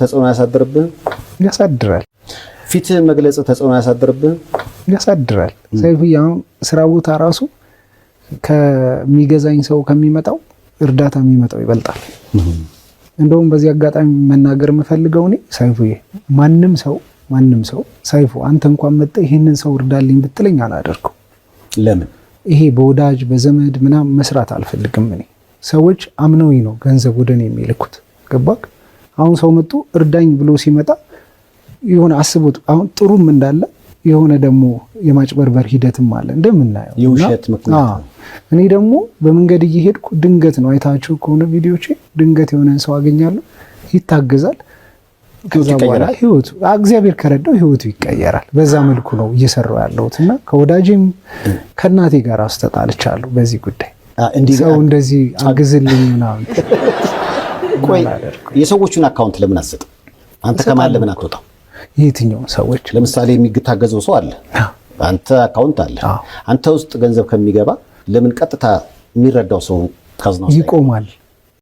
ተጽዕኖ ያሳድርብን ያሳድራል። ፊት መግለጽ ተጽዕኖ ያሳድርብን ያሳድራል። ሰይፉ አሁን ስራ ቦታ ራሱ ከሚገዛኝ ሰው ከሚመጣው እርዳታ የሚመጣው ይበልጣል። እንደውም በዚህ አጋጣሚ መናገር የምፈልገው እኔ ሰይፉዬ፣ ማንም ሰው ማንም ሰው ሰይፉ አንተ እንኳን መጠ ይህንን ሰው እርዳልኝ ብትለኝ አላደርገው። ለምን ይሄ በወዳጅ በዘመድ ምናምን መስራት አልፈልግም። እኔ ሰዎች አምነውኝ ነው ገንዘብ ወደ እኔ የሚልኩት። ገባክ? አሁን ሰው መጥቶ እርዳኝ ብሎ ሲመጣ የሆነ አስቡት። አሁን ጥሩም እንዳለ የሆነ ደግሞ የማጭበርበር ሂደትም አለ እንደምናየው የውሸት ምክንያት። እኔ ደግሞ በመንገድ እየሄድኩ ድንገት ነው አይታችሁ ከሆነ ቪዲዮች ድንገት የሆነን ሰው አገኛለሁ፣ ይታገዛል። ከዛ በኋላ ህይወቱ እግዚአብሔር ከረዳው ህይወቱ ይቀየራል። በዛ መልኩ ነው እየሰራው ያለሁት እና ከወዳጅም ከእናቴ ጋር አስተጣልቻለሁ በዚህ ጉዳይ ሰው እንደዚህ አግዝልኝ ምናምን ቆይ የሰዎቹን አካውንት ለምን አትሰጥም? አንተ ከማን ለምን አትወጣም? የትኛውን ሰዎች ለምሳሌ የሚታገዘው ሰው አለ፣ አንተ አካውንት አለ። አንተ ውስጥ ገንዘብ ከሚገባ ለምን ቀጥታ የሚረዳው ሰው ካዝናው ይቆማል?